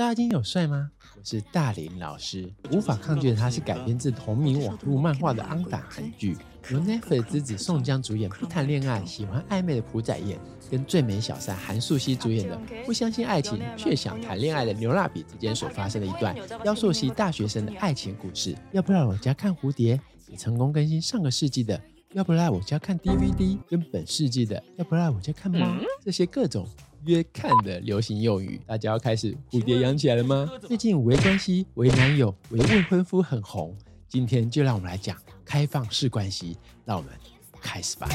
大家今天有帥嗎？我是大林老師，無法抗拒的他是改編自同名網絡漫畫的 on 檔韓劇，由 Netflix 之子宋江主演，不談戀愛喜歡曖昧的朴宰彥，跟最美小三韓素希主演的不相信愛情卻想談戀愛的劉娜比之間所發生的一段雕塑系大學生的愛情故事。要不要來我家看蝴蝶？也成功更新上個世紀的。要不來我家看 DVD？跟本世紀的要不來我家看貓？嗯、這些各種約看的流行用語，大家要開始蝴蝶養起來了嗎？麼最近微關係、微男友、微未婚夫很紅。今天就讓我們來講開放式關係，那我們開始吧。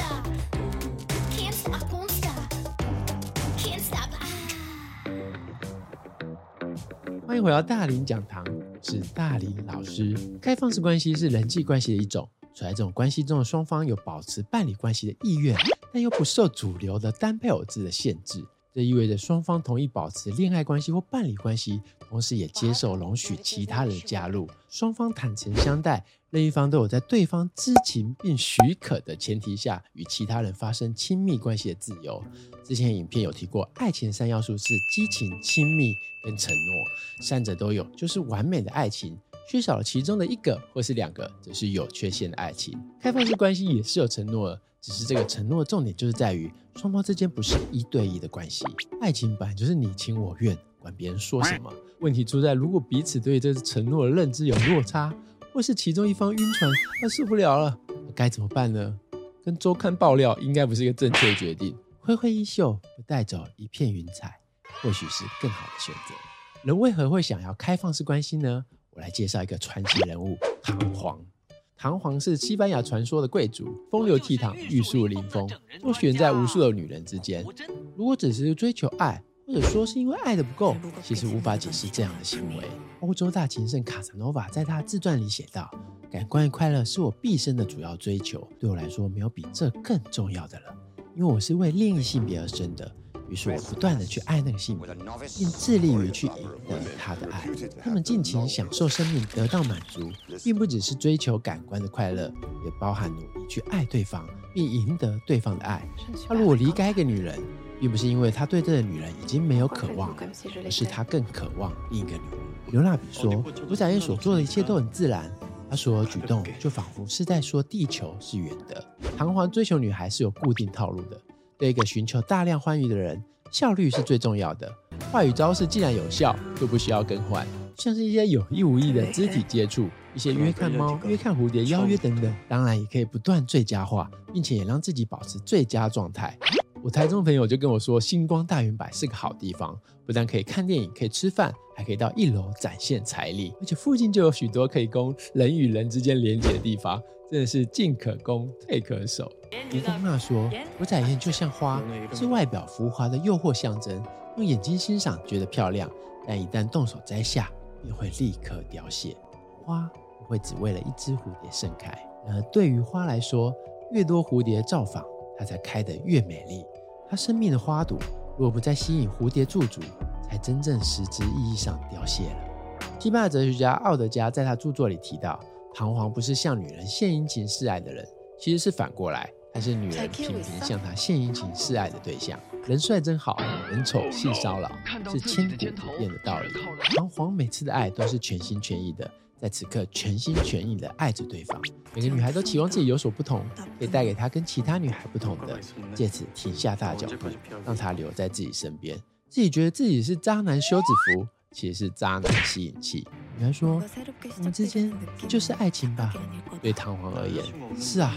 歡迎回到大林講堂，是大林老師。開放式關係是人際關係的一種。處在這種關係中的雙方有保持伴侶關係的意願，但又不受主流的單配偶制的限制。這意味着雙方同意保持戀愛關係或伴侶關係，同時也接受容許其他人加入。雙方坦誠相待，另一方都有在對方知情並許可的前提下，與其他人發生親密關係的自由。之前影片有提過，愛情三要素是激情、親密跟承諾，三者都有，就是完美的愛情。缺少了其中的一個或是兩個，則是有缺陷的愛情。開放式關係也是有承諾的，只是這個承諾的重點就是在於雙方之間不是一對一的關係。愛情本來就是你情我願，管別人說什麼。問題出在如果彼此對於這次承諾的認知有落差，或是其中一方暈船，那受不了了，該怎麼辦呢？跟周刊爆料應該不是一個正確的決定。揮揮衣袖，不帶走一片雲彩，或許是更好的選擇。人為何會想要開放式關係呢？我來介紹一個傳奇人物唐璜。唐璜是西班牙傳說的貴族，風流倜儻，玉樹臨風，周旋在無數的女人之間。如果只是追求愛，或者說是因為愛得不夠，其實無法解釋這樣的行為。歐洲大情聖卡薩諾瓦在他自傳裡寫道：“感官與快樂是我畢生的主要追求，對我來說沒有比這更重要的了，因為我是為另一性別而生的。”於是我不斷的去愛那個性別，並致力於去贏得他的愛。他們盡情享受生命，得到滿足，並不只是追求感官的快樂，也包含努力去愛對方並贏得對方的愛。他如果離開一個女人，並不是因為他對這個女人已經沒有渴望，而是他更渴望另一個女人。劉娜比說，五展燕所做的一切都很自然，他所有舉動就仿佛是在說地球是圓的。唐璜追求女孩是有固定套路的。對一個尋求大量歡愉的人，效率是最重要的。話語招式既然有效，就不需要更換。像是一些有意無意的肢體接觸，一些約看貓、約看蝴蝶、邀約等等，當然也可以不斷最佳化，並且也讓自己保持最佳狀態。我台中朋友就跟我說，新光大遠百是個好地方，不但可以看電影、可以吃飯，還可以到一樓展現財力，而且附近就有許多可以供人與人之間連接的地方。真的是進可攻，退可守。吳宗納說：“五彩宴就像花，是外表浮華的誘惑象徵。用眼睛欣賞，覺得漂亮；但一旦動手摘下，便會立刻凋謝。花不會只為了一隻蝴蝶盛開。然而，對於花來說，越多蝴蝶造訪，它才開得越美麗。它生命的花朵，若不再吸引蝴蝶駐足，才真正實質意義上凋謝了。”西班牙哲學家奧德加在他著作裡提到。唐璜不是向女人獻殷勤示愛的人，其實是反過來，他是女人頻頻向他獻殷勤示愛的對象。人帥真好，人醜性騷擾，是千古不變的道理。唐璜每次的愛都是全心全意的，在此刻全心全意的愛着對方。每個女孩都期望自己有所不同，可以帶給她跟其他女孩不同的，借此停下她的腳步，讓她留在自己身邊。自己覺得自己是渣男休止符，其實是渣男吸引器。女孩說：“我們之間就是愛情吧。”對唐璜而言，是啊，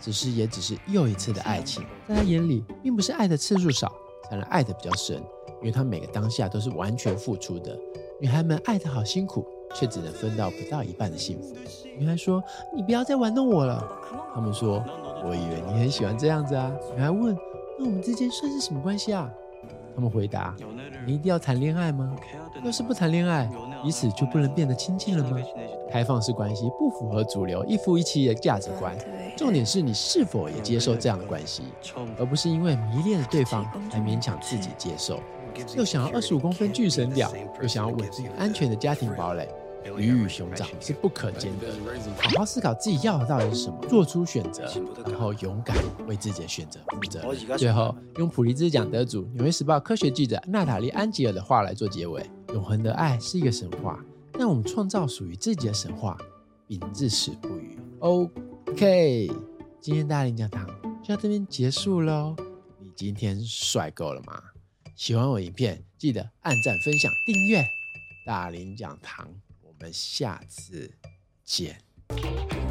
只是也只是又一次的愛情，的在他眼裡，並不是愛的次數少才能愛的比較深，因為他每個當下都是完全付出的。女孩們愛得好辛苦，卻只能分到不到一半的幸福。女孩說：“你不要再玩弄我了。”他們說：“我以為你很喜歡這樣子啊。”女孩問：“那我們之間算是什麼關係啊？”他們回答：“你一定要談戀愛嗎？要是不談戀愛，彼此就不能變得親近了嗎？開放式關係不符合主流一夫一妻的價值觀。重點是你是否也接受這樣的關係，而不是因為迷戀了對方才勉強自己接受。又想要二十五公分巨神表，又想要穩定安全的家庭堡壘。”魚與熊掌是不可兼得的，好好思考自己要的到底是什麼，做出選擇，然後勇敢為自己的選擇負責。哦，最後，用普利茲獎得主《紐約時報》科學記者娜塔莉·安吉爾的話來做結尾：“永恆的愛是一個神話，讓我們創造屬於自己的神話，並至死不渝。” OK，今天大林講堂就到這邊結束嘍。你今天帥夠了嗎？喜歡我影片，記得按讚、分享、訂閱大林講堂。我們下次見。